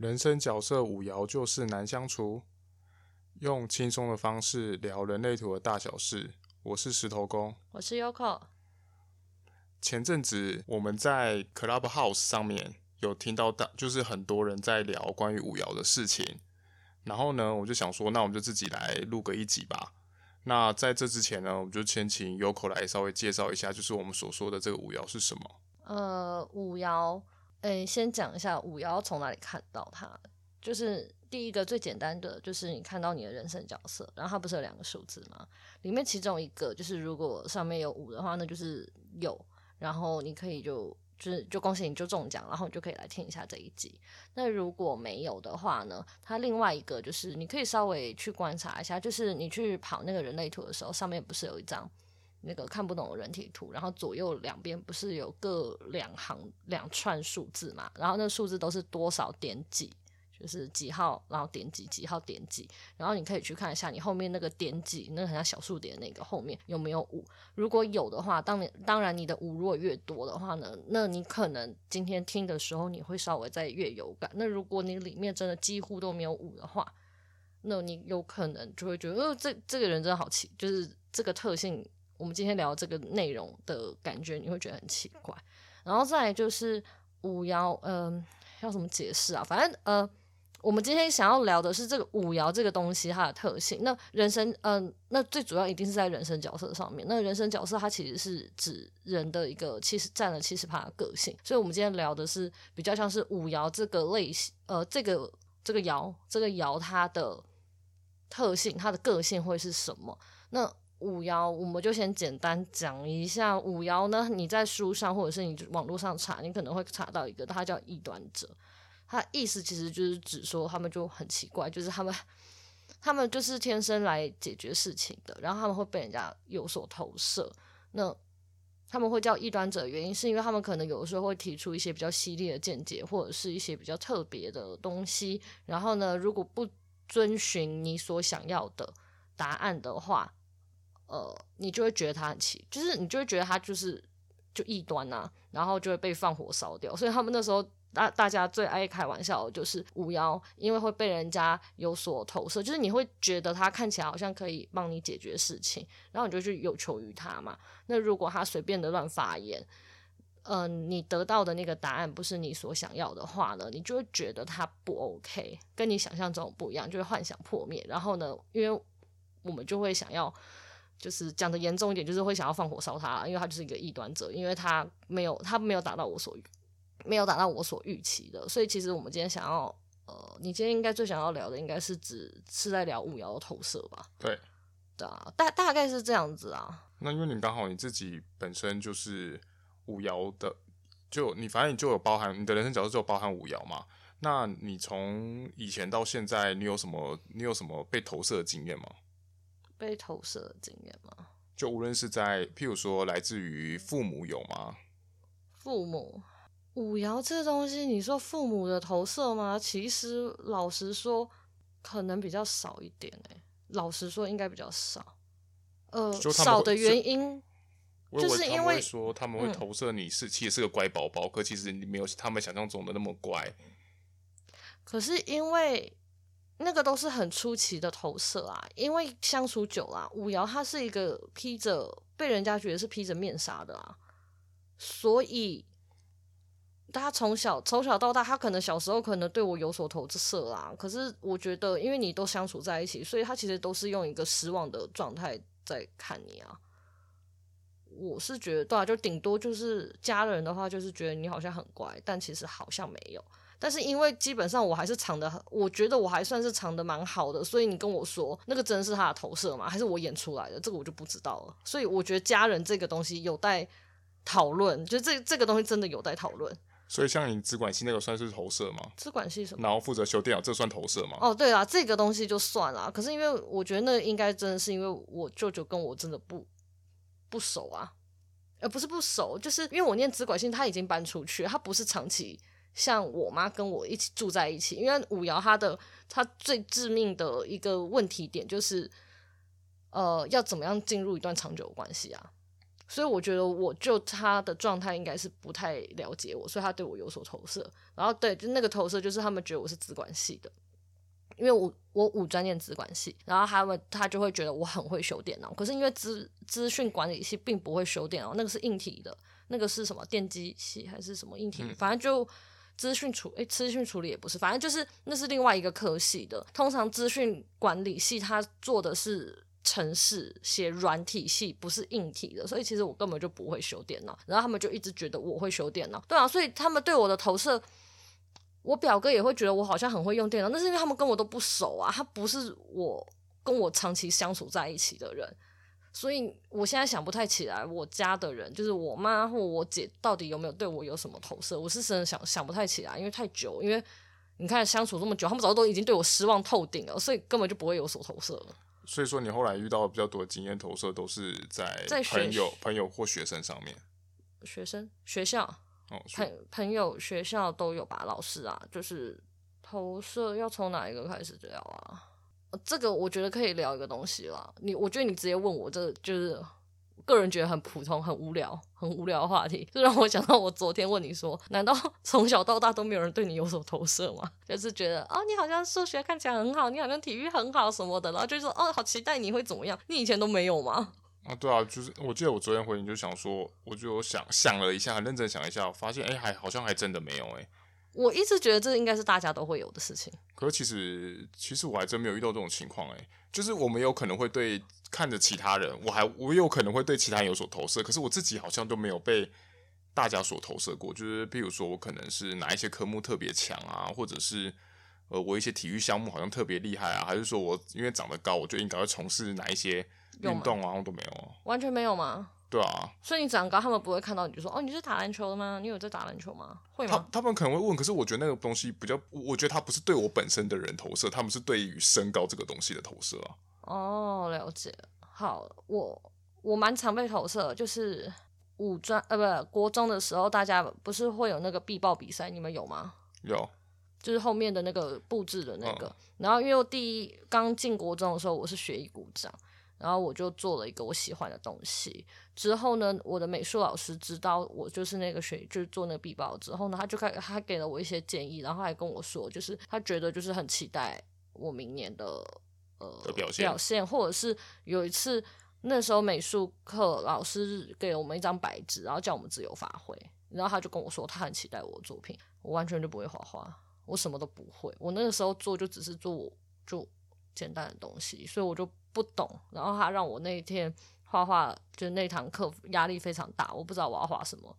人生角色五爻就是難相處，用輕鬆的方式聊人類圖的大小事。我是石頭公，我是 Yoko。前陣子我們在 Club House 上面有聽到大，大就是很多人在聊關於五爻的事情。然後呢，我就想說，那我們就自己來錄個一集吧。那在這之前呢，我們就先請 Yoko 來稍微介紹一下，就是我們所說的這個五爻是什麼。呃，五爻。哎、欸，先講一下五爻從哪裡看到它，就是第一個最簡單的，就是你看到你的人生角色，然後它不是有兩個數字嗎？裡面其中一個就是如果上面有五的話，那就是有，然後你可以就就是就恭喜你就中獎，然後你就可以來聽一下這一集。那如果沒有的話呢，它另外一個就是你可以稍微去觀察一下，就是你去跑那個人類圖的時候，上面不是有一張？那個看不懂的人類圖，然後左右兩邊不是有各兩行兩串數字嘛？然後那數字都是多少點幾，就是幾號，然後點幾幾號點幾，然後你可以去看一下你後面那個點幾，那個很像小數點那個後面有沒有五。如果有的話，當你當然你的五如果越多的話呢，那你可能今天聽的時候你會稍微再越有感。那如果你裡面真的幾乎都沒有五的話，那你有可能就會覺得，哦、呃，這這個人真的好奇，就是這個特性。我們今天聊這個內容的感覺，你會覺得很奇怪。然後再就是五爻，嗯、呃，要怎麼解釋啊？反正呃，我們今天想要聊的是這個五爻這個東西它的特性。那人生，嗯、呃，那最主要一定是在人生角色上面。那人生角色它其實是指人的一個七十佔了七十趴的個性。所以，我們今天聊的是比較像是五爻這個類型，呃，這個這個爻這個爻它的特性，它的個性會是什麼？那。五爻，我們就先簡單講一下五爻呢。你在書上或者是你網絡上查，你可能會查到一個，它叫異端者。它意思其實就是指說他們就很奇怪，就是他們他們就是天生來解決事情的，然後他們會被人家有所投射。那他們會叫異端者的原因，是因為他們可能有的時候會提出一些比較犀利的見解，或者是一些比較特別的東西。然後呢，如果不遵循你所想要的答案的話，呃，你就會覺得他很奇，就是你就會覺得他就是就異端啊，然後就會被放火燒掉。所以他們那時候大大家最愛開玩笑的就是五爻，因為會被人家有所投射，就是你會覺得他看起來好像可以幫你解決事情，然後你就去有求於他嘛。那如果他隨便的亂發言，呃，你得到的那個答案不是你所想要的話呢，你就會覺得他不 OK，跟你想象中不一樣，就會幻想破滅。然後呢，因為我們就會想要。就是講的嚴重一點，就是會想要放火燒他，因為他就是一個異端者，因為他沒有他沒有達到我所，沒有達到我所預期的，所以其實我們今天想要呃，你今天應該最想要聊的應該是只是在聊五爻的投射吧？對，對啊，大大概是這樣子啊。那因為你剛好你自己本身就是五爻的，就你反正你就有包含你的人生角色就有包含五爻嘛，那你從以前到現在你有什麼你有什麼被投射的經驗嗎？被投射的經驗嗎？就無論是在，譬如說，來自於父母有嗎？父母五爻這個東西，你說父母的投射嗎？其實老實說，可能比較少一點哎、欸。老實說，應該比較少。呃，少的原因，就是因為說他們會投射你是其實是個乖寶寶，可其實你沒有他們想象中的那麼乖。可是因為。那個都是很出奇的投射啊，因為相處久了，五爻她是一個披着被人家覺得是披着面紗的啊，所以她從小從小到大，他可能小時候可能對我有所投射啦，可是我覺得因為你都相處在一起，所以他其實都是用一個失望的狀態在看你啊，我是覺得對啊，就頂多就是家人的話，就是覺得你好像很乖，但其實好像沒有。但是因為基本上我還是藏的，我覺得我還算是藏的蠻好的，所以你跟我說那個真是他的投射嗎？還是我演出來的？這個我就不知道了。所以我覺得家人這個東西有待討論，就這這個東西真的有待討論。所以像你資管系那個算是,是投射嗎？資管系什麼？然後負責修電腦這個、算投射嗎？哦，對啦，這個東西就算啦。可是因為我覺得那個應該真的是因為我舅舅跟我真的不不熟啊，呃，不是不熟，就是因為我念資管系他已經搬出去，他不是長期。像我媽跟我一起住在一起，因為五爻她的她最致命的一個問題點就是，呃，要怎麼樣進入一段長久關係啊？所以我覺得我就她的狀態應該是不太了解我，所以她對我有所投射。然後對，就那個投射就是他們覺得我是資管系的，因為我我五專業資管系，然後他們他就會覺得我很會修電腦。可是因為資資訊管理系並不會修電腦，那個是硬體的，那個是什麼電機系還是什麼硬體？嗯、反正就。資訊處，誒、欸，資訊處理也不是，反正就是那是另外一個科系的。通常資訊管理系他做的是程式，寫軟體系，不是硬體的，所以其實我根本就不會修電腦。然後他們就一直覺得我會修電腦，對啊，所以他們對我的投射，我表哥也會覺得我好像很會用電腦，那是因為他們跟我都不熟啊，他不是我跟我長期相處在一起的人。所以我現在想不太起來，我家的人就是我媽或我姐，到底有沒有對我有什麼投射？我是真的想想不太起來，因為太久，因為你看相處這麼久，他們早就都已經對我失望透頂了，所以根本就不會有所投射了。所以說，你後來遇到比較多的經驗投射，都是在朋友、學學朋友或學生上面。學生、學校、哦，朋朋友、學校都有吧？老師啊，就是投射要從哪一個開始就要啊？這個我覺得可以聊一個東西啦。你，我覺得你直接問我，這就是個人覺得很普通、很無聊、很無聊的話題，就讓我想到我昨天問你說：“難道從小到大都沒有人對你有所投射嗎？就是覺得哦，你好像數學看起來很好，你好像體育很好什麼的，然後就說哦，好期待你會怎麼樣？你以前都沒有嗎？”啊，對啊，就是我記得我昨天回你就想說，我就想想了一下，很認真想一下，我發現誒，還好像還真的沒有誒、欸。我一直覺得這應該是大家都會有的事情。可是其實，其實我還真沒有遇到這種情況哎。就是我們有可能會對看着其他人，我還我有可能會對其他人有所投射。可是我自己好像都沒有被大家所投射過。就是比如說，我可能是哪一些科目特別強啊，或者是呃，我一些體育項目好像特別厲害啊，還是說我因為長得高，我就應該要從事哪一些運動啊，我都沒有，完全沒有嗎？對啊，所以你長高，他們不會看到你就說哦，你是打籃球的嗎？你有在打籃球嗎？會嗎？他他們可能會問，可是我覺得那個東西比較，我覺得他不是對我本身的人投射，他們是對於身高這個東西的投射啊。哦，了解，好，我我蠻常被投射，就是五專呃不是國中的時候，大家不是會有那個壁報比賽，你們有嗎？有，就是後面的那個布置的那個，嗯、然後因為我第一剛進國中的時候，我是學藝股長，然後我就做了一個我喜歡的東西。之後呢，我的美術老師知道我就是那個學就是做那個壁報。之後呢，他就開他給了我一些建議，然後還跟我說，就是他覺得就是很期待我明年的呃的表現，表現或者是有一次那時候美術課老師給了我們一張白紙，然後叫我們自由發揮，然後他就跟我說他很期待我的作品。我完全就不會畫畫，我什麼都不會，我那個時候做就只是做做簡單的東西，所以我就不懂，然後他讓我那一天畫畫，就是那堂課壓力非常大。我不知道我要畫什麼，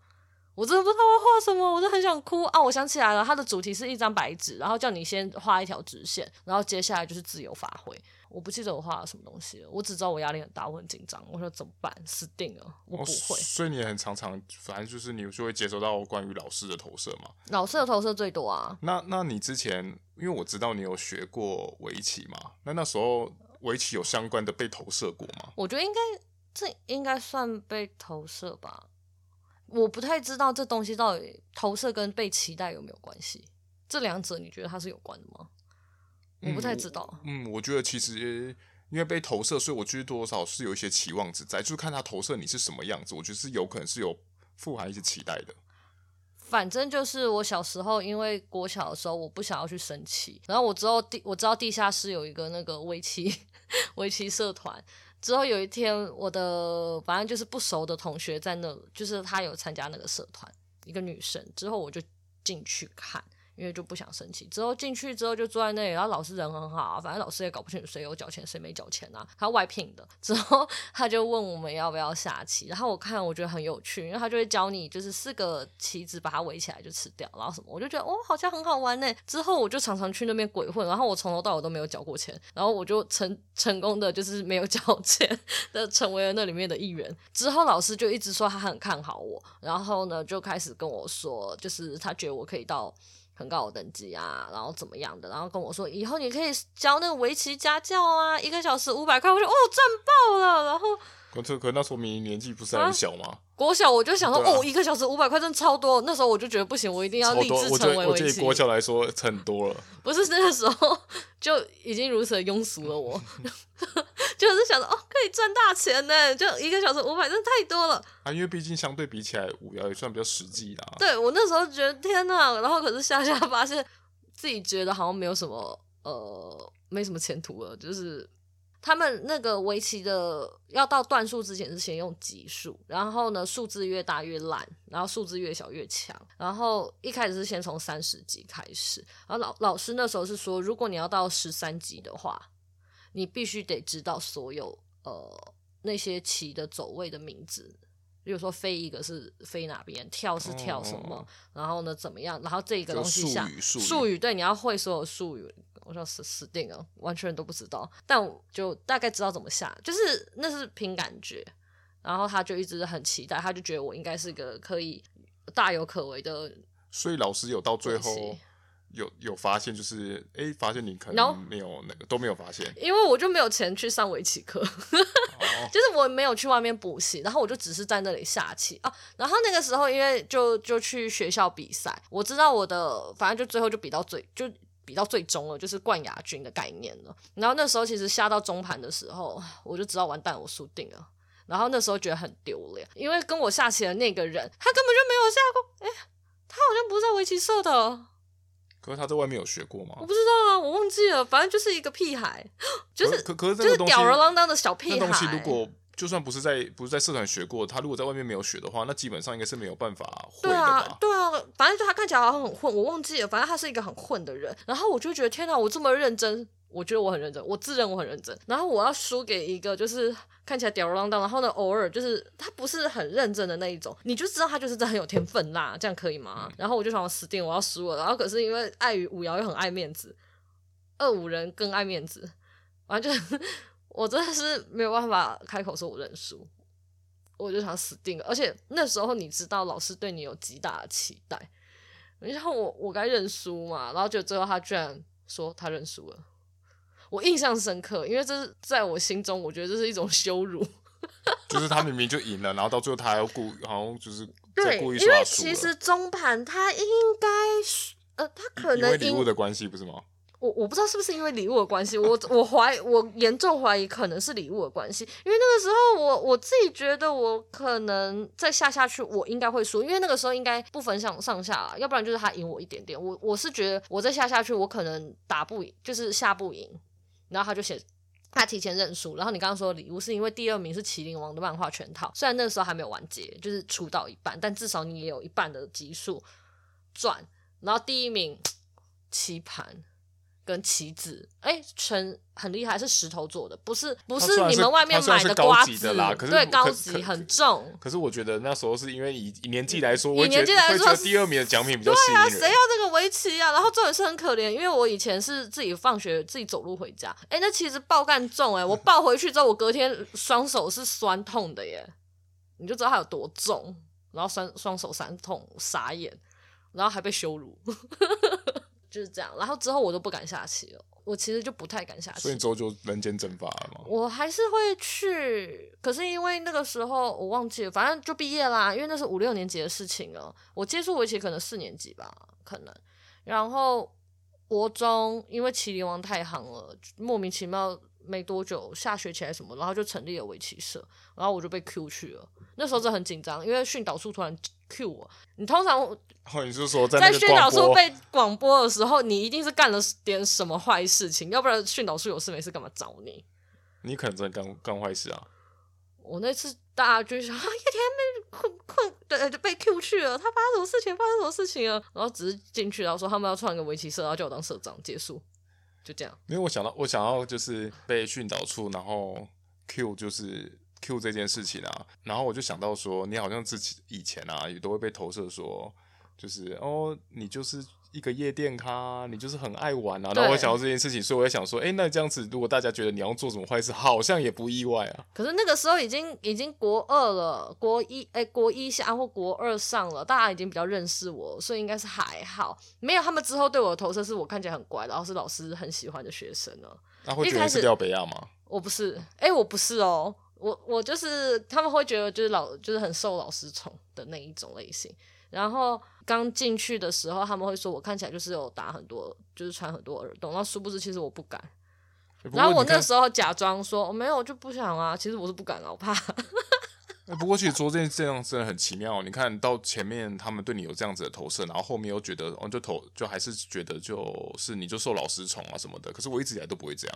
我真的不知道我要畫什麼，我真的很想哭啊！我想起來了，它的主題是一張白紙，然後叫你先畫一條直線，然後接下來就是自由發揮。我不記得我畫了什麼東西了，我只知道我壓力很大，我很緊張。我說怎麼辦？死定了！我不會。哦，所以你也很常常，反正就是你就會接收到關於老師的投射嘛。老師的投射最多啊。那那你之前，因為我知道你有學過圍棋嘛，那那時候圍棋有相關的被投射過嗎？我覺得應該。這應該算被投射吧？我不太知道這東西到底投射跟被期待有沒有關係？這兩者你覺得它是有關的嗎？嗯、我不太知道。嗯，我覺得其實因為被投射，所以我覺得多少，少是有一些期望值在，就是看他投射你是什麼樣子，我覺得是有可能是有富含一些期待的。反正就是我小時候，因為國小的時候我不想要去升旗，然後我知道地我知道地下室有一個那個圍棋圍棋社團。之後有一天，我的反正就是不熟的同學在那，就是她有參加那個社團，一個女生，之後我就進去看。因為就不想生氣，之後進去之後就坐在那裡，然後老師人很好，反正老師也搞不清楚誰有交錢誰沒交錢啊。他外聘的，之後他就問我們要不要下棋，然後我看我覺得很有趣，因為他就會教你，就是四個棋子把它圍起來就吃掉，然後什麼，我就覺得哦好像很好玩呢。之後我就常常去那邊鬼混，然後我從頭到尾都沒有交過錢，然後我就成成功的就是沒有交錢的成為了那裡面的一員。之後老師就一直說他很看好我，然後呢就開始跟我說，就是他覺得我可以到。很高等級啊，然後怎麼樣的，然後跟我說以後你可以教那個圍棋家教啊，一個小時五百塊，我就哦賺爆了，然後可、可那說明年紀不是很小嗎、啊？國小我就想說、啊、哦，一個小時五百塊真的超多，那時候我就覺得不行，我一定要立志成為圍棋。國小來說很多了，不是那個時候就已經如此庸俗了我。 就是想着哦，可以賺大錢呢，就一個小時五百，真的太多了啊。因為畢竟相對比起來，五爻也算比較實際的啊。對，我那時候覺得天吶，然後可是下下發現自己覺得好像沒有什麼呃，沒什麼前途了。就是他們那個圍棋的，要到段數之前是先用級數，然後呢，數字越大越爛，然後數字越小越強。然後一開始是先從三十級開始，然後老老師那時候是說，如果你要到十三級的話。你必須得知道所有呃那些棋的走位的名字，比如說飛一個是飛哪邊，跳是跳什麼，哦哦然後呢怎麼樣，然後這一個東西下術語術語，對，你要會所有術語。我說死死定了，完全都不知道，但就大概知道怎麼下，就是那是憑感覺。然後他就一直很期待，他就覺得我應該是個可以大有可為的，所以老師有到最後。有有發現，就是誒、欸，發現你可能沒有那個 No. 都沒有發現，因為我就沒有錢去上圍棋課，oh. 就是我沒有去外面補習，然後我就只是在那裡下棋啊。然後那個時候，因為就就去學校比賽，我知道我的，反正就最後就比到最就比到最終了，就是冠亞軍的概念了。然後那時候其實下到中盤的時候，我就知道完蛋，我輸定了。然後那時候覺得很丟臉，因為跟我下棋的那個人，他根本就沒有下過，誒、欸，他好像不是在圍棋社的。可是他在外面有學過嗎？我不知道啊，我忘記了。反正就是一個屁孩，就是可可，可是就是吊兒郎當的小屁孩。那東西如果就算不是在不是在社團學過，他如果在外面沒有學的話，那基本上應該是沒有辦法混的。對啊，對啊，反正就他看起來好像很混，我忘記了。反正他是一個很混的人。然後我就覺得天哪，我這麼認真。我覺得我很認真，我自認我很認真。然後我要輸給一個，就是看起來吊兒郎當，然後呢偶爾就是他不是很認真的那一種，你就知道他就是真的很有天分啦，這樣可以嗎？嗯、然後我就想死定，我要輸了。然後可是因為礙於五爻又很愛面子，二五人更愛面子，反正就是我真的是沒有辦法開口說我認輸，我就想死定了。而且那時候你知道老師對你有極大的期待，然後我我該認輸嘛？然後就最後他居然說他認輸了。我印象深刻，因為這是在我心中，我覺得這是一種羞辱。就是他明明就贏了， 然後到最後他還要故，好像就是在故意。對，因為其實中盤他應該輸，呃，他可能因，因為禮物的關係不是嗎？我我不知道是不是因為禮物的關係，我我懷我嚴重懷疑可能是禮物的關係，因為那個時候我我自己覺得我可能再下下去，我應該會輸，因為那個時候應該不分上上下，要不然就是他贏我一點點。我我是覺得我再下下去，我可能打不贏，就是下不贏。然後他就寫，他提前認輸。然後你剛剛說禮物是因為第二名是麒麟王的漫畫全套，雖然那個時候還沒有完結，就是出到一半，但至少你也有一半的集數賺。然後第一名棋盤，跟棋子，哎、欸，全很厲害，是石頭做的，不是不是你們外面買的瓜子，是是高級的啦。可是對，高級很重。可是我覺得那時候是因為以，以年紀來說，我覺得以年紀來說第二名的獎品比較吸引人。對啊，誰要這個圍棋啊？然後這也是很可憐，因為我以前是自己放學自己走路回家。哎、欸，那其實爆幹重。哎、欸，我抱回去之後，我隔天雙手是酸痛的耶。你就知道它有多重，然後雙雙手酸痛，傻眼，然後還被羞辱。 就是這樣，然後之後我都不敢下棋了。我其實就不太敢下棋，所以你之後就人間蒸發了嗎？我還是會去，可是因為那個時候我忘記了，反正就畢業啦。因為那是五六年級的事情了，我接觸圍棋可能四年級吧，可能。然後國中因為《棋靈王》太夯了，莫名其妙。沒多久，下學期還什麼，然後就成立了圍棋社，然後我就被 Q 去了。那時候就很緊張，因為訓導處突然 Q 我。你通常哦，你是，是說在，在訓導處被廣播的時候，你一定是幹了點什麼壞事情，要不然訓導處有事沒事幹嘛，找你？你可能真的干幹壞事啊！我那次大家就想，一、啊、天被困困對被 Q 去了，他發生什麼事情？發生什麼事情啊？然後只是進去，然後說他們要創一個圍棋社，然後叫我當社長，結束。就這樣，因為我想到，我想要就是被訓導處，然後 Q 就是 Q 這件事情啊，然後我就想到說，你好像自己以前啊也都會被投射說，就是哦，你就是。一個夜店咖、啊，你就是很愛玩啊。對然後我會想到這件事情，所以我也想說，哎、欸，那這樣子，如果大家覺得你要做什麼壞事，好像也不意外啊。可是那個時候已經已經國二了，國一誒、欸，國一下或國二上了，大家已經比較認識我，所以應該是還好，沒有他們之後對我的投射是我看起來很乖，然後是老師很喜歡的學生呢。那會覺得是掉北亞嗎我、欸？我不是、喔，哎，我不是哦，我我就是他們會覺得就是老就是很受老師寵的那一種類型，然後。剛進去的時候，他們會說我看起來就是有打很多，就是穿很多耳洞。那殊不知，其實我不敢。欸、不然後我那時候假裝說我、哦、沒有，就不想啊。其實我是不敢的、啊，我怕。 欸、不過，其實說這件事真的很奇妙。你看到前面他們對你有這樣子的投射，然後後面又覺得，哦，就投，就還是覺得，就是你就受老師寵啊什麼的。可是我一直以來都不會這樣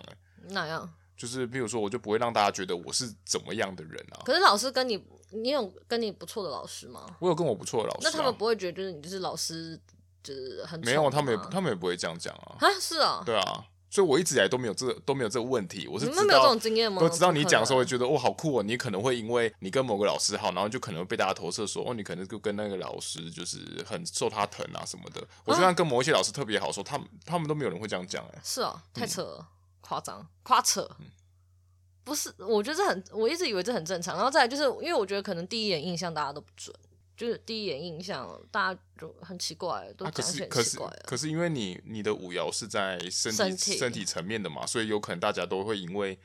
那、欸、哪樣？就是比如說，我就不會讓大家覺得我是怎麼樣的人啊。可是老師跟你，你有跟你不錯的老師嗎？我有跟我不錯的老師，啊，那他們不會覺得就是你就是老師就是很……沒有，他們也他們也不會這樣講啊。啊，是啊，對啊，所以我一直以來都沒有這都沒有這個問題。我是你們沒有這種經驗嗎？都知道你講的時候，會覺得哇、哦、好酷哦。你可能會因為你跟某個老師好，然後就可能被大家投射說哦，你可能就跟那個老師就是很受他疼啊什麼的。蛤？我就算跟某一些老師特別好說，說他們他們都沒有人會這樣講哎、欸。是啊，太扯了。嗯誇張誇扯，嗯、不是？我覺得這很，我一直以為這很正常。然後再來就是因為我覺得可能第一眼印象大家都不準，就是第一眼印象大家就很奇怪，都可很奇、啊、可，是可，是可是因為你你的五爻是在身體身體層面的嘛，所以有可能大家都會因為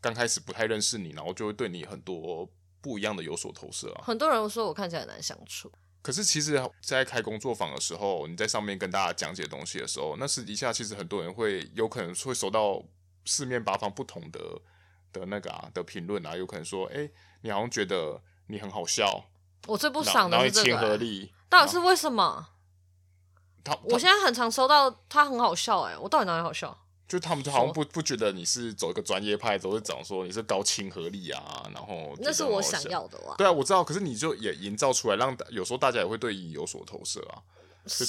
剛開始不太認識你，然後就會對你很多不一樣的有所投射啊。很多人說我看起來很難相處，可是其實在開工作坊的時候，你在上面跟大家講解東西的時候，那私底下其實很多人會有可能會收到。四面八方不同的的那個啊的評論啊，有可能說，哎、欸，你好像覺得你很好笑。我最不爽的是這個親和力欸，到底是為什麼？他,他我現在很常收到他很好笑、欸，哎，我到底哪裡好笑？就他們就好像不說不覺得你是走一個專業派，都會講說你是高親和力啊，然後那是我想要的啊。對啊，我知道，可是你就也營造出來，讓有時候大家也會對你有所投射啊。是，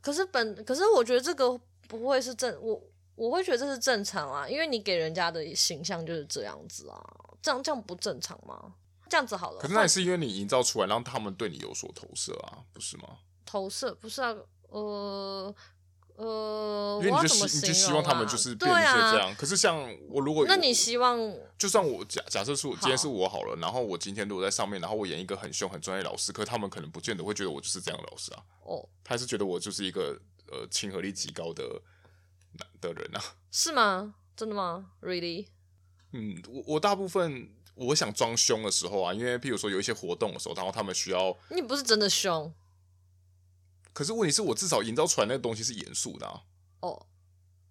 可是本，可是我覺得這個不會是真我。我會覺得這是正常啊，因為你給人家的形象就是這樣子啊，這樣這樣不正常嗎？這樣子好了。可是那也是因為你營造出來，讓他們對你有所投射啊，不是嗎？投射不是啊，呃呃，因為你就、啊、你就希望他們就是變成這樣。啊、可是像我如果我，那你希望，就算我假假設說今天是我好了，好然後我今天如果在上面，然後我演一個很凶很專業的老師，可是他們可能不見得會覺得我就是這樣的老師啊。哦，他還是覺得我就是一個呃親和力極高的的人啊，是嗎？真的嗎？Really？嗯，我我大部分我想裝凶的時候啊，因為譬如說有一些活動的時候，然後他們需要你不是真的凶，可是問題是我至少營造出來的那個東西是嚴肅的啊。哦。Oh.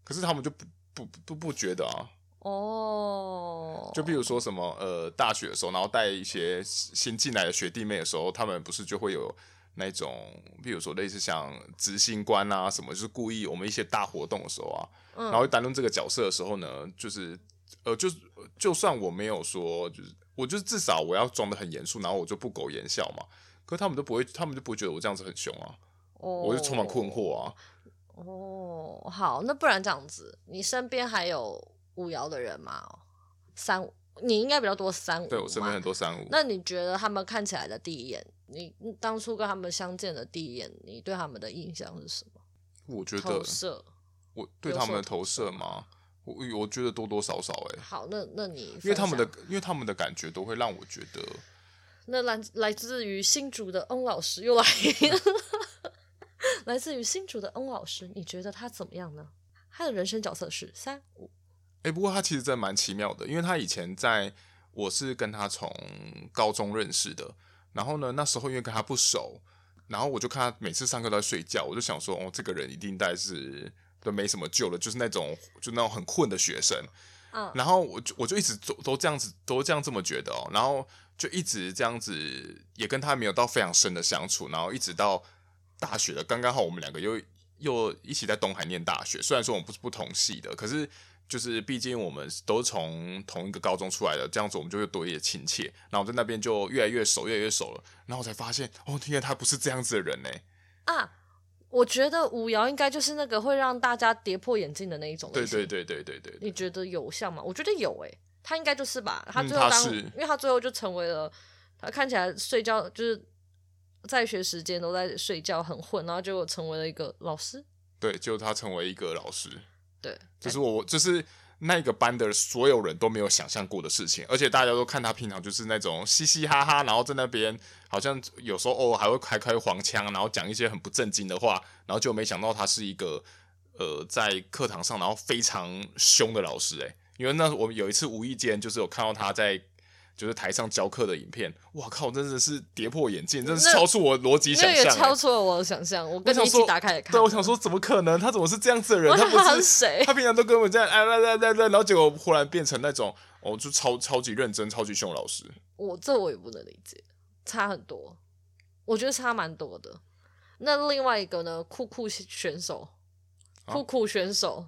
可是他們就不不不不,不覺得啊哦。Oh. 就比如說什麼呃大學的時候，然後帶一些新進來的學弟妹的時候，他們不是就會有。那種，比如說類似像執行官啊什麼，就是故意我們一些大活動的時候啊，嗯、然後擔任這個角色的時候呢，就是呃，就是就算我沒有說，就是我就至少我要裝得很嚴肅，然後我就不苟言笑嘛。可是他們都不會，他們就不會覺得我這樣子很凶啊。哦、我就充滿困惑啊。哦，好，那不然這樣子，你身邊還有五爻的人嗎？三五，你應該比較多三五。對，我身邊很多三五。那你覺得他們看起來的第一眼？你當初跟他們相見的第一眼，你對他們的印象是什麼？我覺得投射，我對他們的投射嗎？射射我我覺得多多少少誒、欸。好，那那你因為他們的因為他們的感覺都會讓我覺得，那來來自於新竹的翁老師又來了， 來自於新竹的翁老師，你覺得他怎麼樣呢？他的人生角色是三五。哎、欸，不過他其實真的蠻奇妙的，因為他以前在我是跟他從高中認識的。然後呢，那時候，因為跟他不熟，然後我就看他每次上課都在睡覺，我就想說，哦，這個人一定大概是都沒什麼救了，就是那種就那種很困的學生。嗯，然後我就我就一直都這樣子，都這樣這麼覺得哦。然後就一直這樣子，也跟他沒有到非常深的相處。然後一直到大學了，剛剛好我們兩個又又一起在東海念大學。雖然說我們不是不同系的，可是。就是畢竟我們都是從同一個高中出來的，這樣子我們就會多一些親切。然後在那邊就越來越熟，越來越熟了。然後才發現，哦，天啊，他不是這樣子的人呢。啊，我覺得五爻應該就是那個會讓大家跌破眼鏡的那一種。對對，對對對對對對，你覺得有像嗎？我覺得有哎、欸，他應該就是吧。他最後當，嗯、因為他最後就成為了，他看起來睡覺就是在學時間都在睡覺，很混，然後結果成為了一個老師。對，就他成為一個老師。對，對就是我，就是那個班的所有人都沒有想象過的事情，而且大家都看他平常就是那種嘻嘻哈哈，然後在那邊好像有時候哦還會開開黃腔，然後講一些很不正經的話，然後就沒想到他是一個呃在課堂上然後非常凶的老師誒。因為那我們有一次無意間就是有看到他在。就是台上教課的影片，哇靠,真的是跌破眼鏡，那真是超出我的邏輯想象、欸，超出了我的想象。我跟你一起打開來看，對，我想說，怎麼可能？他怎麼是這樣子的人？他，他不是誰？他平常都跟我這樣，哎，來來來來，然後結果忽然變成那種，哦，就超超級認真、超級凶老師。我這我也不能理解，差很多，我覺得差蠻多的。那另外一個呢？酷酷選手，酷酷選手，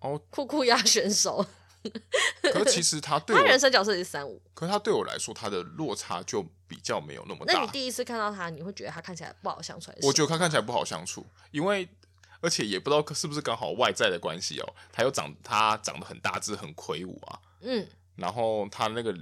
哦、啊，酷酷鴨選手。啊酷酷 可是其實他對他人生角色也是三五，可是他對我來說，他的落差就比較沒有那麼大。那你第一次看到他，你會覺得他看起來不好相處還是？我覺得他看起來不好相處，因為而且也不知道是不是剛好外在的關係哦、喔，他又長他長得很大只，很魁梧啊，嗯，然後他那個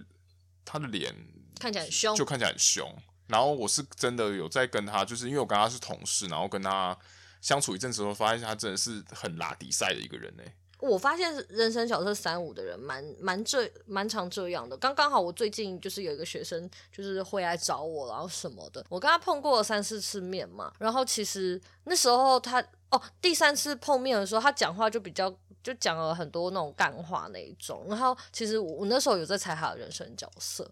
他的臉看起來很凶，就看起來很凶。很兇然後我是真的有在跟他，就是因為我跟他是同事，然後跟他相處一陣子之後，發現他真的是很拉底賽的一個人呢、欸。我發現人生角色三五的人蠻，蠻蠻這蠻常這樣的。剛剛好，我最近就是有一個學生，就是會來找我，然後什麼的，我跟他碰過了三四次面嘛。然後其實那時候他哦，第三次碰面的時候，他講話就比較就講了很多那種幹話那一種。然後其實我，我那時候有在猜他的人生角色。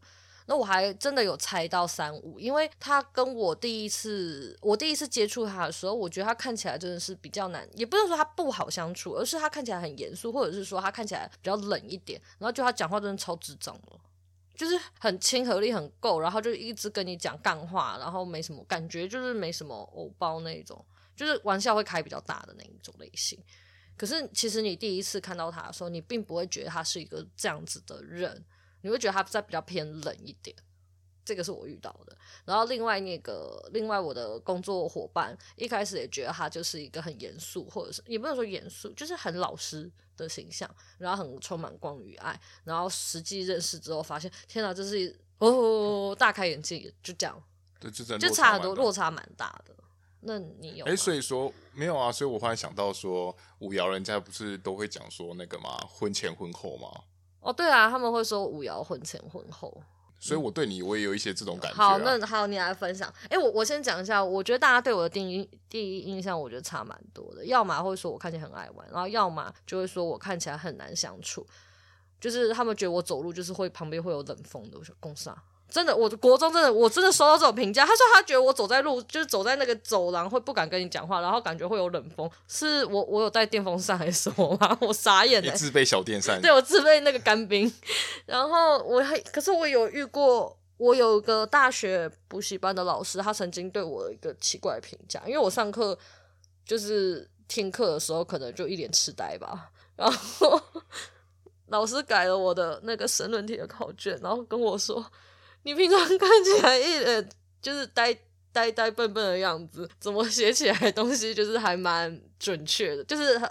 那我還真的有猜到三五，因為他跟我第一次，我第一次接觸他的時候，我覺得他看起來真的是比較難，也不能說他不好相處，而是他看起來很嚴肅，或者是說他看起來比較冷一點。然後就他講話真的超智障了，就是很親和力很夠，然後就一直跟你講幹話，然後沒什麼感覺，就是沒什麼偶包那種，就是玩笑會開比較大的那一種類型。可是其實你第一次看到他的時候，你並不會覺得他是一個這樣子的人。你會覺得他在比較偏冷一點，這個是我遇到的。然後另外那個，另外我的工作夥伴一開始也覺得他就是一個很嚴肅，或者是也不能說嚴肅，就是很老實的形象，然後很充滿光與愛。然後實際認識之後，發現天哪、啊，這是哦，哦，哦，哦，大開眼界，嗯、就這樣，就，的差就差很多，落差蠻大的。那你有哎、欸，所以說沒有啊，所以我忽然想到說，五爻人家不是都會講說那個嗎？婚前婚後嗎？哦，對啊，他們會說五爻婚前婚後，所以我對你我也有一些這種感覺、啊嗯。好，那好，你來分享。哎，我我先講一下，我覺得大家對我的第一第一印象，我覺得差蠻多的。要麼會說我看起來很愛玩，然後要麼就會說我看起來很難相處，就是他們覺得我走路就是會旁邊會有冷風的，我說公煞、啊。真的，我國中真的，我真的收到這種評價。他說他覺得我走在路，就是走在那個走廊會不敢跟你講話，然後感覺會有冷風。是我我有帶電風扇還是什麼嗎？我傻眼了。你自備小電扇？對，我自備那個乾冰。 然後我還，可是我有遇過，我有個大學補習班的老師，他曾經對我一個奇怪評價，因為我上課就是聽課的時候可能就一臉痴呆吧。然後老師改了我的那個申論題的考卷，然後跟我說。你平常看起來一臉，就是呆呆呆笨笨的樣子，怎麼寫起來的東西就是還蠻準確的？就是他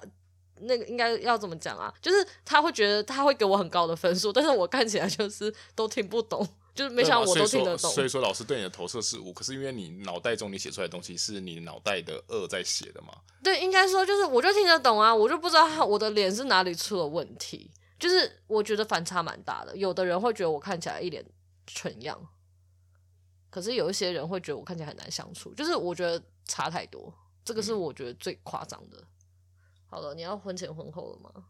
那個應該要怎麼講啊？就是他會覺得他會給我很高的分數，但是我看起來就是都聽不懂，就是沒想到我都聽得懂所。所以說老師對你的投射是5，可是因為你腦袋中你寫出來的東西是你腦袋的2在寫的嘛？對，應該說就是我就聽得懂啊，我就不知道我的臉是哪裡出了問題。就是我覺得反差蠻大的，有的人會覺得我看起來一臉。蠢樣，可是有一些人會覺得我看起來很難相處，就是我覺得差太多，這個是我覺得最誇張的。嗯、好了，你要婚前婚後了嗎？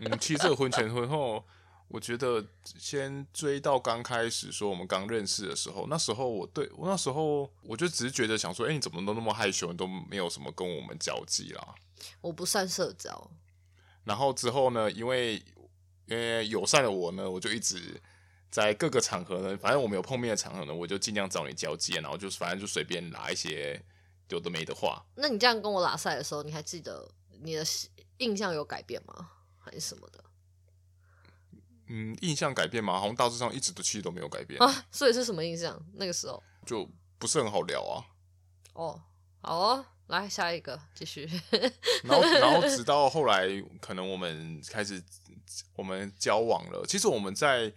嗯，其實這個婚前婚後， 我覺得先追到剛開始說，我們剛認識的時候，那時候我對我那時候我就只是覺得想說，哎、欸，你怎麼都那麼害羞，你都沒有什麼跟我們交際啦。我不算社交。然後之後呢，因為因為友善的我呢，我就一直。在各個場合呢，反正我們有碰面的場合呢，我就盡量找你交接，然後就是反正就隨便拿一些有的沒的話。那你這樣跟我拉賽的時候，你還記得你的印象有改變嗎？還是什麼的？嗯，印象改變嗎？好像大致上一直都其實都沒有改變啊。所以是什麼印象？那個時候就不是很好聊啊。哦，好哦，來下一個繼續。 然後，然後直到後來，可能我們開始我們交往了。其實我們在。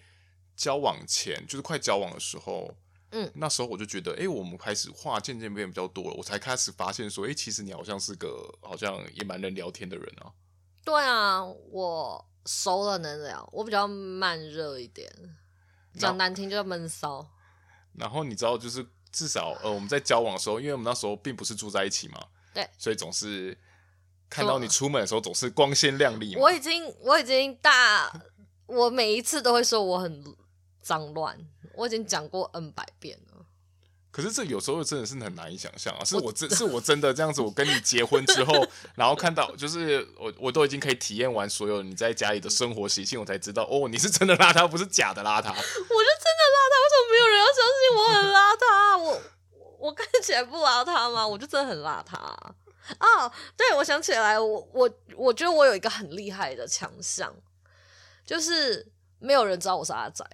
交往前就是快交往的時候，嗯，那時候我就覺得，哎、欸，我們開始話漸漸變比較多了，我才開始發現說，哎、欸，其實你好像是個好像也蠻能聊天的人啊。對啊，我熟了能聊，我比較慢熱一點，講難聽就悶騷。然後你知道，就是至少呃，我們在交往的時候，因為我們那時候並不是住在一起嘛，對，所以總是看到你出門的時候總是光鮮亮麗嘛。我已經我已經大，我每一次都會說我很。髒亂，我已經講過 N 百遍了。可是這有時候真的是很難以想象啊！我是我真，是我真的這樣子。我跟你結婚之後， 然後看到就是我，我都已經可以體驗完所有你在家裡的生活習性，我才知道哦，你是真的邋遢，不是假的邋遢。我就真的邋遢，為什麼沒有人要相信我很邋遢？ 我我看起來不邋遢嗎？我就真的很邋遢啊！對，我想起來，我我我覺得我有一個很厲害的強項，就是沒有人知道我是阿宅。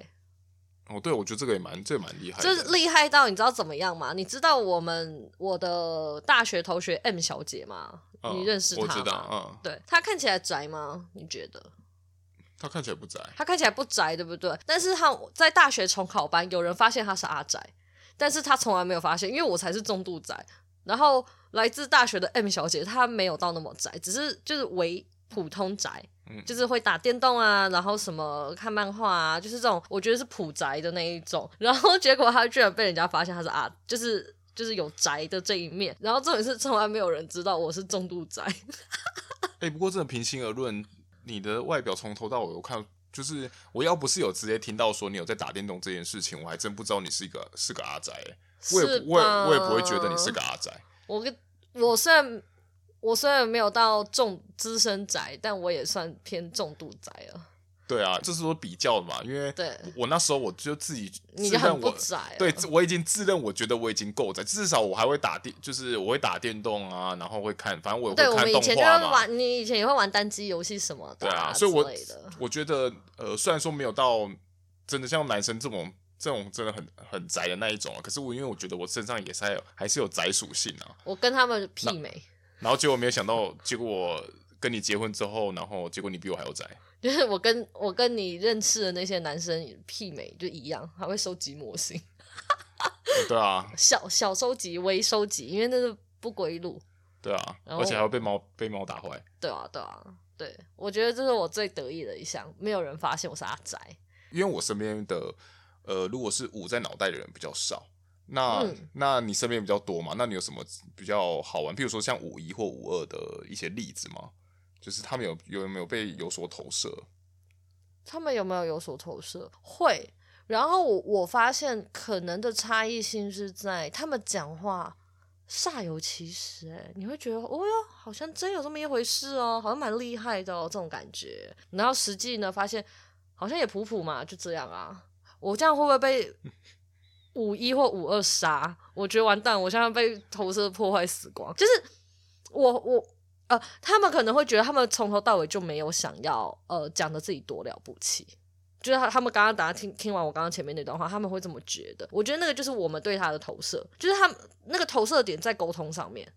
哦，對，我覺得這個也蠻，這個、蠻厲害的。這厲害到你知道怎麼樣嗎？你知道我們我的大學同學 M 小姐嗎？嗯、你認識她？我知道，嗯、對，她看起來宅嗎？你覺得？她看起來不宅，她看起來不宅，對不對？但是她在大學重考班，有人發現她是阿宅，但是她從來沒有發現，因為我才是重度宅。然後來自大學的 M 小姐，她沒有到那麼宅，只是就是為普通宅。就是會打電動啊，然後什麼看漫畫啊，就是這種，我覺得是普宅的那一種。然後結果他居然被人家發現他是啊，就是就是有宅的這一面。然後這也是從來沒有人知道我是重度宅。哎、 欸，不過真的平心而論，你的外表從頭到尾我看，就是我要不是有直接聽到說你有在打電動這件事情，我還真不知道你是一個是個阿宅。我也吧我也我也不會覺得你是個阿宅。我跟我雖然。我雖然沒有到重資深宅，但我也算偏重度宅了。對啊，就是說比較的嘛，因為我那時候我就自己自認我，你就很不宅。對，我已經自認我覺得我已經夠宅，至少我還會打電，就是我會打電動啊，然後會看，反正我也會看動畫。對，我們以前就是玩，你以前也會玩單機遊戲什麼打打之類的。對啊，所以我我覺得呃，雖然說沒有到真的像男生這種這種真的很很宅的那一種啊，可是我因為我覺得我身上也是還是有宅屬性啊，我跟他們媲美。然後結果沒有想到，結果我跟你結婚之後，然後結果你比我還要宅，就是我跟我跟你認識的那些男生媲美，就一樣，還會收集模型。 嗯、對啊，小小收集微收集，因為那是不歸路。對啊，然後，而且還會被貓被貓打壞。對啊，對啊，對，我覺得這是我最得意的一項，沒有人發現我是阿宅，因為我身邊的呃，如果是捂在腦袋的人比較少。那、嗯、那你身邊比較多嘛？那你有什麼比較好玩？比如說像五一或五二的一些例子嗎？就是他們有有沒有被有所投射？他們有沒有有所投射？會。然後我，我發現可能的差異性是在他們講話煞有其事，哎，你會覺得哦喲，好像真有這麼一回事哦，喔，好像蠻厲害的，喔，這種感覺。然後實際呢，發現好像也普普嘛，就這樣啊。我這樣會不會被？ 五一或五二殺，我覺得完蛋了，我現在被投射破壞死光。就是我我呃，他們可能會覺得他們從頭到尾就沒有想要呃講的自己多了不起，就是他他們剛剛等下聽聽完我剛剛前面那段話，他們會這麼覺得。我覺得那個就是我們對他的投射，就是他那個投射點在溝通上面。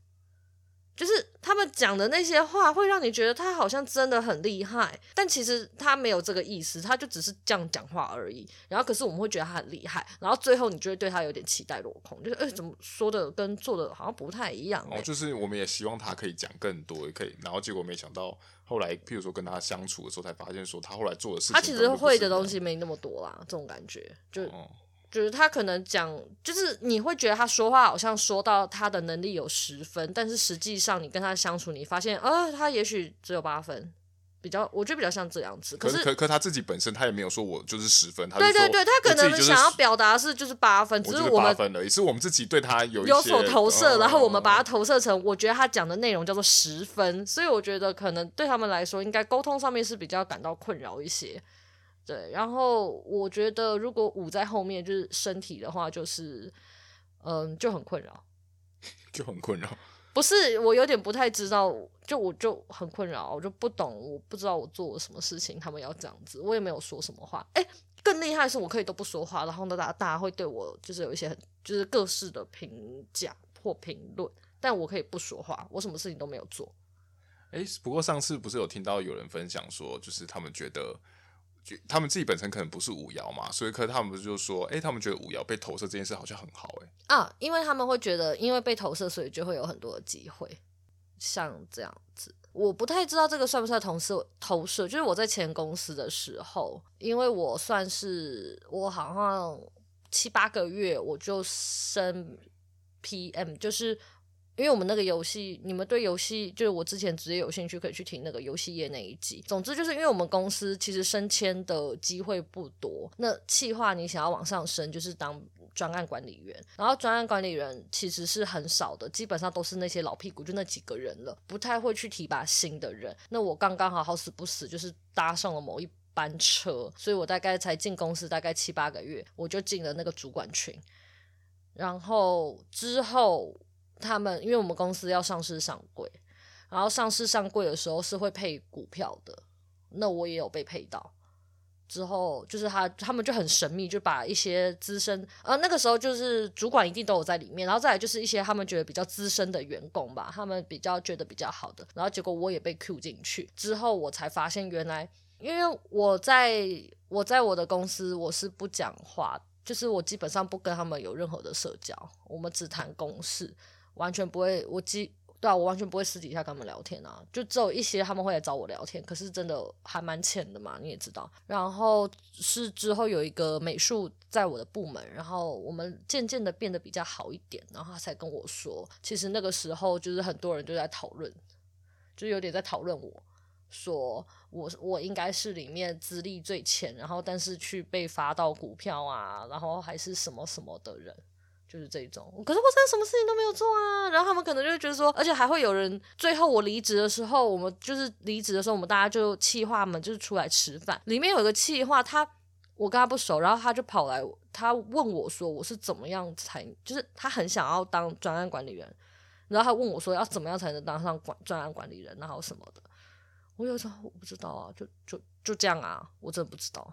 就是他們講的那些話，會讓你覺得他好像真的很厲害，但其實他沒有這個意思，他就只是這樣講話而已。然後可是我們會覺得他很厲害，然後最後你就會對他有點期待落空，就是哎、欸，怎麼說的跟做的好像不太一樣、欸。哦，就是我們也希望他可以講更多，也可以，然後結果沒想到後來，譬如說跟他相處的時候，才發現說他後來做的事情，他其實會的東西沒那麼多啦，這種感覺就。哦就是他可能講，就是你會覺得他說話好像說到他的能力有十分，但是實際上你跟他相處，你發現，呃，他也許只有八分，比較，我覺得比較像這樣子。可是，可可，可他自己本身他也沒有說我就是十分，對，對，對，他可能想要表達是就是八分，只是我們而已，是我們自己對他有有所投射，然後我們把它投射成，我覺得他講的內容叫做十分，所以我覺得可能對他們來說，應該溝通上面是比較感到困擾一些。對，然後我覺得如果五在後面就是身體的話，就是嗯，就很困擾，就很困擾。不是，我有點不太知道，就我就很困擾，我就不懂，我不知道我做了什麼事情，他們要這樣子，我也沒有說什麼話。誒，更厲害的是，我可以都不說話，然後呢，大大家會對我就是有一些很就是各式的評價或評論，但我可以不說話，我什麼事情都沒有做。誒，不過上次不是有聽到有人分享說，就是他們覺得。他們自己本身可能不是五爻嘛，所以可他們不是就說，誒、欸，他們覺得五爻被投射這件事好像很好，欸，誒。啊，因為他們會覺得，因為被投射，所以就會有很多的機會，像這樣子。我不太知道這個算不算同事投射，就是我在前公司的時候，因為我算是我好像七八個月我就升 PM，就是。因為我們那個遊戲，你們對遊戲就是我之前職業有興趣，可以去聽那個遊戲業那一集。總之就是，因為我們公司其實升遷的機會不多。那企劃，你想要往上升，就是當專案管理員。然後專案管理員其實是很少的，基本上都是那些老屁股，就那幾個人了，不太會去提拔新的人。那我剛剛好好死不死，就是搭上了某一班車，所以我大概才進公司大概七八個月，我就進了那個主管群。然後之後。他們因為我們公司要上市上櫃，然後上市上櫃的時候是會配股票的，那我也有被配到。之後就是他他們就很神秘，就把一些資深呃，那個時候就是主管一定都有在裡面，然後再來就是一些他們覺得比較資深的員工吧，他們比較覺得比較好的。然後結果我也被 Q 進去之後，我才發現原來因為我在我在我的公司我是不講話，就是我基本上不跟他們有任何的社交，我們只談公事。完全不會，我基，對啊，我完全不會私底下跟他們聊天啊，就只有一些他們會來找我聊天，可是真的還蠻淺的嘛，你也知道。然後是之後有一個美術在我的部門，然後我們漸漸的變得比較好一點，然後他才跟我說，其實那個時候就是很多人就在討論，就有點在討論我，說我，我應該是裡面資歷最淺，然後但是去被發到股票啊，然後還是什麼什麼的人。就是這一種，可是我真的什麼事情都沒有做啊。然後他們可能就會覺得說，而且還會有人。最後我離職的時候，我們就是離職的時候，我們大家就企劃們就是出來吃飯。裡面有一個企劃，他，我跟他不熟，然後他就跑來，他問我說我是怎麼樣才，就是他很想要當專案管理員。然後他問我說要怎麼樣才能當上管專案管理員，然後什麼的。我有時候我不知道啊，就就就這樣啊，我真的不知道。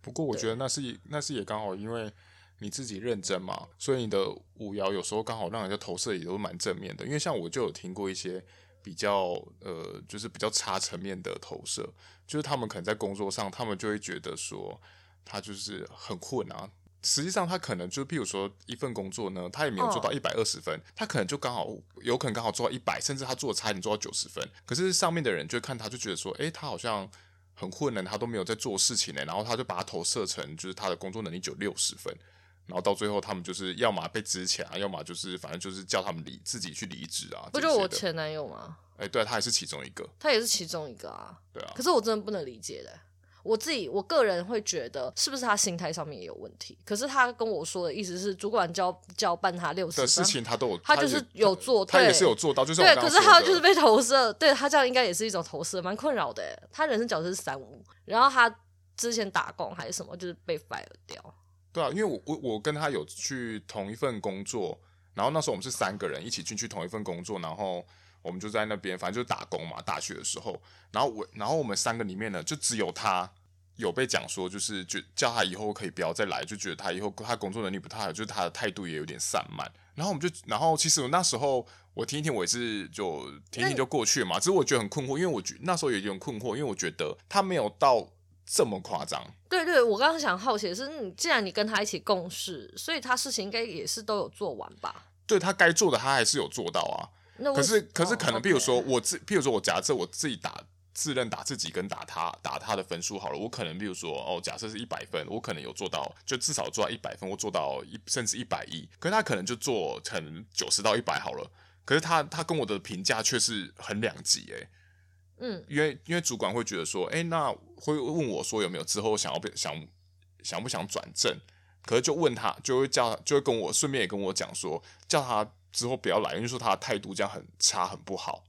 不過我覺得那是對那是也剛好因為。你自己認真嘛，所以你的五爻有時候剛好讓人家投射，也都蠻正面的。因為像我就有聽過一些比較呃、，就是比較差層面的投射，就是他們可能在工作上，他們就會覺得說，他就是很混啊。實際上他可能就，譬如說一份工作呢，他也沒有做到一百二十分，oh. 他可能就剛好，有可能剛好做到一百，甚至他做的差一點做到九十分，可是上面的人就看他就覺得說，哎、欸，他好像很混呢，他都沒有在做事情呢。欸，然後他就把他投射成就是他的工作能力只有六十分。然後到最後，他們就是要麼被資遣，啊，要麼就是反正就是叫他們離自己去離職啊。不就我前男友嗎？哎、欸，對、啊，他也是其中一個，他也是其中一個啊。對啊。可是我真的不能理解嘞，我自己我個人會覺得，是不是他心態上面也有問題？可是他跟我說的意思是，主管交交辦他六的事情，他都有，他就是有做，他也，對他也是有做到，就是對。說的可是他就是被投射，對，他這樣應該也是一種投射，蠻困擾的。他人生角色是三五，然後他之前打工還是什麼，就是被 fire 掉。對啊，因為我我我跟他有去同一份工作，然後那時候我們是三個人一起進去同一份工作，然後我們就在那邊，反正就是打工嘛，大學的時候。然後我，然後我們三個裡面呢，就只有他有被講說，就是就叫他以後可以不要再來，就覺得他以後他工作能力不太好，就是他的態度也有點散漫。然後我們就，然後其實我那時候我聽一聽，我也是就聽一聽就過去嘛。只是我覺得很困惑，因為我覺得那時候也有點困惑，因為我覺得他沒有到。這麼誇張？對對，我剛剛想好奇的是，你既然你跟他一起共事，所以他事情應該也是都有做完吧？對，他該做的，他還是有做到啊。那我可是可是可能，比如說、哦、okay, 我自，比如說我假設我自己打自認打自己跟打他打他的分數好了，我可能比如說哦，假設是一百分，我可能有做到就至少做到一百分，或做到一甚至一百一。可是他可能就做成九十到一百好了。可是他他跟我的評價卻是很兩極哎、欸。嗯，因為因為主管會覺得說，哎、欸，那會問我說有沒有之後想要變想想不想轉正，可是就問他，就會叫，就會跟我順便也跟我講說，叫他之後不要來，因為說他的態度這樣很差，很不好。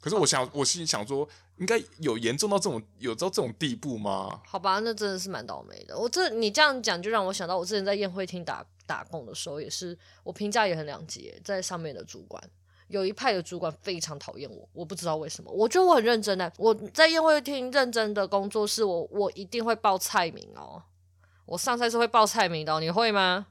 可是我想，啊、我心裡想說，應該有嚴重到這種有到這種地步嗎？好吧，那真的是蠻倒霉的。我這你這樣講，就讓我想到我之前在宴會廳打打工的時候，也是我評價也很兩極，在上面的主管。有一派的主管非常討厭我，我不知道為什麼。我覺得我很認真呢、啊。我在宴會廳認真的工作時，我，我一定會報菜名哦、喔。我上菜是會報菜名的、喔，你會嗎？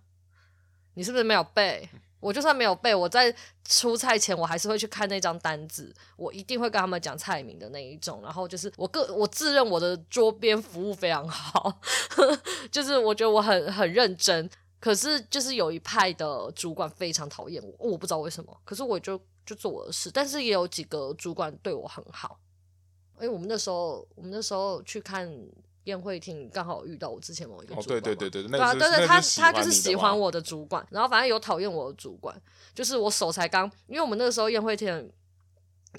你是不是沒有背？我就算沒有背，我在出菜前，我還是會去看那張單子，我一定會跟他們講菜名的那一種。然後就是我個我自認我的桌邊服務非常好， 就是我覺得我很很認真。可是就是有一派的主管非常討厭我、哦，我不知道為什麼。可是我就就做我的事，但是也有幾個主管對我很好。因、欸、為我們那時候，我們那時候去看宴會廳，剛好遇到我之前某一個主管、哦。對對對對，那對對、啊，就是、他就他就是喜歡我的主管。然後反正有討厭我的主管，就是我手才剛，因為我們那個時候宴會廳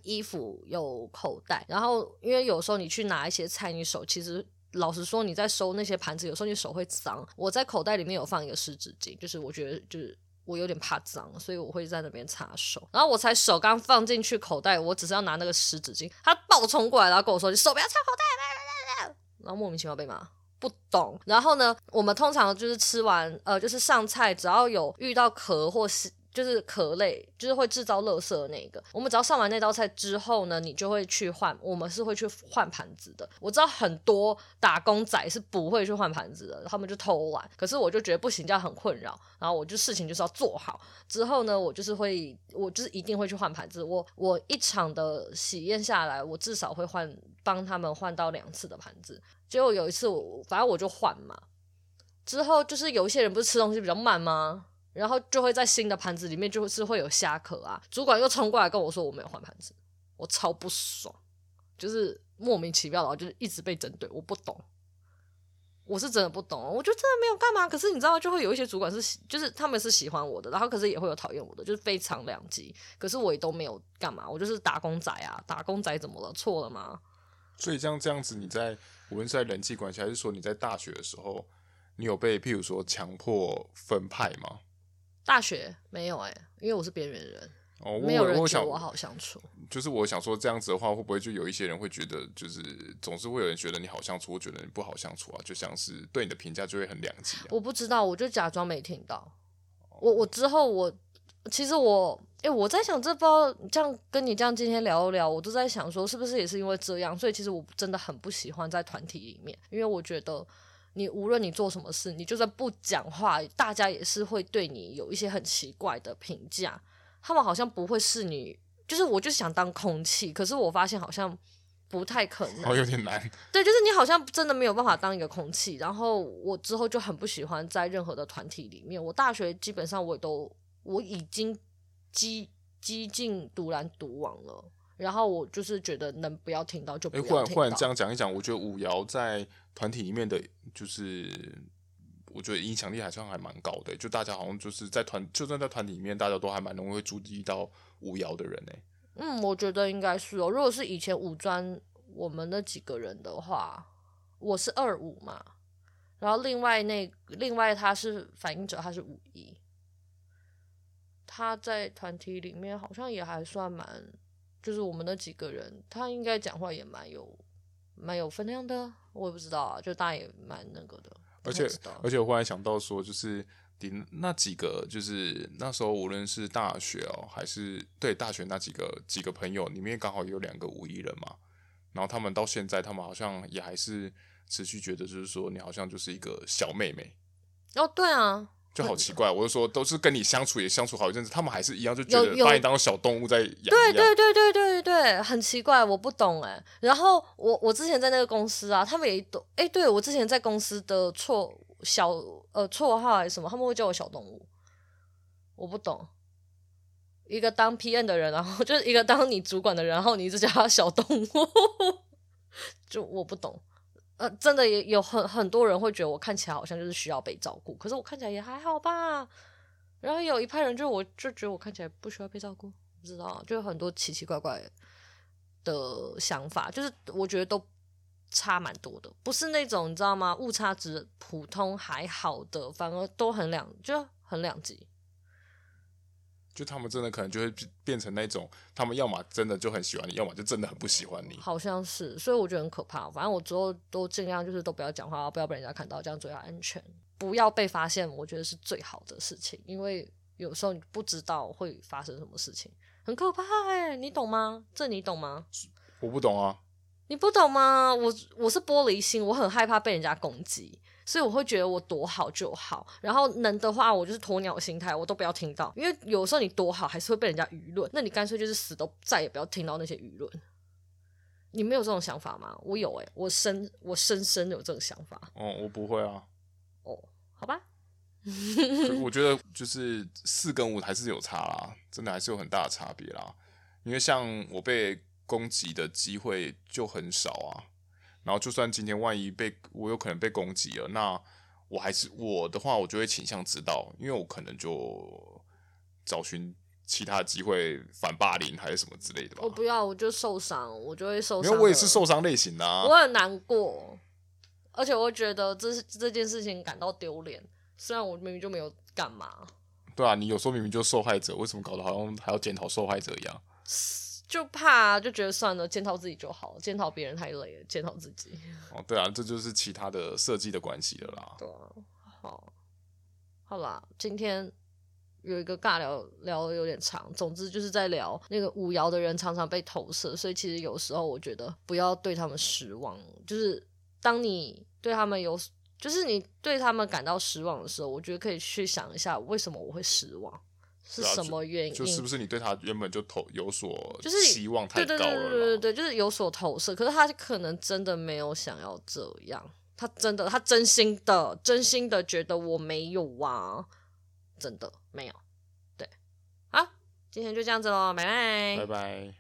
衣服有口袋，然後因為有時候你去拿一些菜，你手其實。老實說，你在收那些盤子，有時候你手會髒。我在口袋裡面有放一個濕紙巾，就是我覺得就是我有點怕髒，所以我會在那邊擦手。然後我才手剛放進去口袋，我只是要拿那個濕紙巾，他暴衝過來，然後跟我說：“你手不要插口袋！”然後莫名其妙被罵，不懂。然後呢，我們通常就是吃完，呃，就是上菜，只要有遇到殼或是。就是殼類，就是會製造垃圾的那個。我們只要上完那道菜之後呢，你就會去換。我們是會去換盤子的。我知道很多打工仔是不會去換盤子的，他們就偷懶。可是我就覺得不行，這樣很困擾。然後我就事情就是要做好。之後呢，我就是會，我就是一定會去換盤子。我我一場的喜宴下來，我至少會換幫他們換到兩次的盤子。結果有一次我，我反正我就換嘛。之後就是有一些人不是吃東西比較慢嗎？然後就會在新的盤子裡面，就是會有蝦殼啊。主管又衝過來跟我說：“我沒有換盤子。”我超不爽，就是莫名其妙，然後就是一直被針對。我不懂，我是真的不懂。我就真的沒有幹嘛。可是你知道，就會有一些主管是，就是他們是喜歡我的，然後可是也會有討厭我的，就是非常兩極。可是我也都沒有幹嘛，我就是打工仔啊，打工仔怎麼了？錯了嗎？所以像這樣子，你在，無論是在人際關係，還是說你在大學的時候，你有被譬如說強迫分派嗎？大學沒有誒、欸，因為我是邊緣人，哦、我沒有人覺得我好相處。就是我想說，這樣子的話，會不會就有一些人會覺得，就是總是會有人覺得你好相處，我覺得你不好相處啊？就像是對你的評價就會很兩極、啊。我不知道，我就假裝沒聽到。我我之後我其實我誒，欸、我在想，這包這樣跟你這樣今天聊一聊，我都在想說，是不是也是因為這樣，所以其實我真的很不喜歡在團體裡面，因為我覺得。你無論你做什麼事，你就算不講話，大家也是會對你有一些很奇怪的評價。他們好像不會視你就是，我就想當空氣，可是我發現好像不太可能。哦，有點難。對，就是你好像真的沒有辦法當一個空氣。然後我之後就很不喜歡在任何的團體裡面。我大學基本上我都，我已經幾幾近獨來獨往了。然後我就是覺得能不要聽到就不要聽到。哎、欸，忽然忽然這樣講一講，我覺得五爻在團體裡面的，就是我覺得影響力還算還蠻高的，就大家好像就是在團，就算在團體裡面，大家都還蠻容易會注意到五爻的人呢。嗯，我覺得應該是哦。如果是以前五專我們那幾個人的話，我是二五嘛，然後另外那另外他是反映者，他是五一，他在團體裡面好像也還算蠻。就是我們那幾個人，他應該講話也蠻有，蠻有分量的。我也不知道啊，就大家也蠻那個的。而且，而且我忽然想到說，就是你那幾個，就是那時候無論是大學哦，還是對大學那幾個幾個朋友裡面，剛好也有兩個五爻人嘛。然後他們到現在，他們好像也還是持續覺得，就是說你好像就是一個小妹妹。哦，對啊。就好奇怪，嗯、我就說都是跟你相處也相處好一陣子，他們還是一樣就覺得把你當小動物在養。對對對對對對對，很奇怪，我不懂哎、欸。然後我我之前在那個公司啊，他們也都哎，欸、對我之前在公司的錯，小呃綽號還是什麼，他們會叫我小動物，我不懂。一個當 PM 的人，然後就是一個當你主管的人，然後你一直叫他小動物， 就我不懂。呃，真的也有很很多人會覺得我看起來好像就是需要被照顧，可是我看起來也還好吧。然後有一派人就我就覺得我看起來不需要被照顧，不知道，就有很多奇奇怪怪的想法，就是我覺得都差蠻多的，不是那種你知道嗎？誤差值普通還好的，反而都很兩就很兩極。就他們真的可能就會變成那種，他們要麼真的就很喜歡你，要麼就真的很不喜歡你。好像是，所以我覺得很可怕。反正我之後都儘量就是都不要講話，不要被人家看到，這樣最安全，不要被發現。我覺得是最好的事情，因為有時候你不知道會發生什麼事情，很可怕。欸，你懂嗎？這你懂嗎？我不懂啊，你不懂嗎？我我是玻璃心，我很害怕被人家攻擊。所以我會覺得我躲好就好，然後能的話我就是鴕鳥心態，我都不要聽到，因為有時候你躲好還是會被人家輿論，那你乾脆就是死都再也不要聽到那些輿論。你沒有這種想法嗎？我有誒、欸，我深我深深的有這種想法。哦，我不會啊。哦，oh, 好吧。 所以我覺得就是四跟五還是有差啦，真的還是有很大的差別啦，因為像我被攻擊的機會就很少啊。然後，就算今天萬一被我有可能被攻擊了，那我還是我的話，我就會傾向知道，因為我可能就找尋其他機會反霸凌還是什麼之類的吧。我不要，我就受傷，我就會受傷。因為我也是受傷類型啊。我很難過，而且我會覺得這是這件事情感到丟臉。雖然我明明就沒有幹嘛。對啊，你有時候明明就是受害者，為什麼搞得好像還要檢討受害者一樣？就怕就覺得算了，檢討自己就好，檢討別人太累了，檢討自己。哦，對啊，這就是其他的設計的關係了啦。對啊，好，好啦，今天有一個尬聊，聊得有點長，總之就是在聊那個五爻的人常常被投射，所以其實有時候我覺得不要對他們失望，就是當你對他們有，就是你對他們感到失望的時候，我覺得可以去想一下為什麼我會失望。是什麼原因、啊就？就是不是你對他原本就投有所，就是希望太高了，就是，對對對對對，就是有所投射。可是他可能真的沒有想要這樣，他真的他真心的真心的覺得我沒有啊，真的沒有。對，好，今天就這樣子嘍，拜拜，拜拜。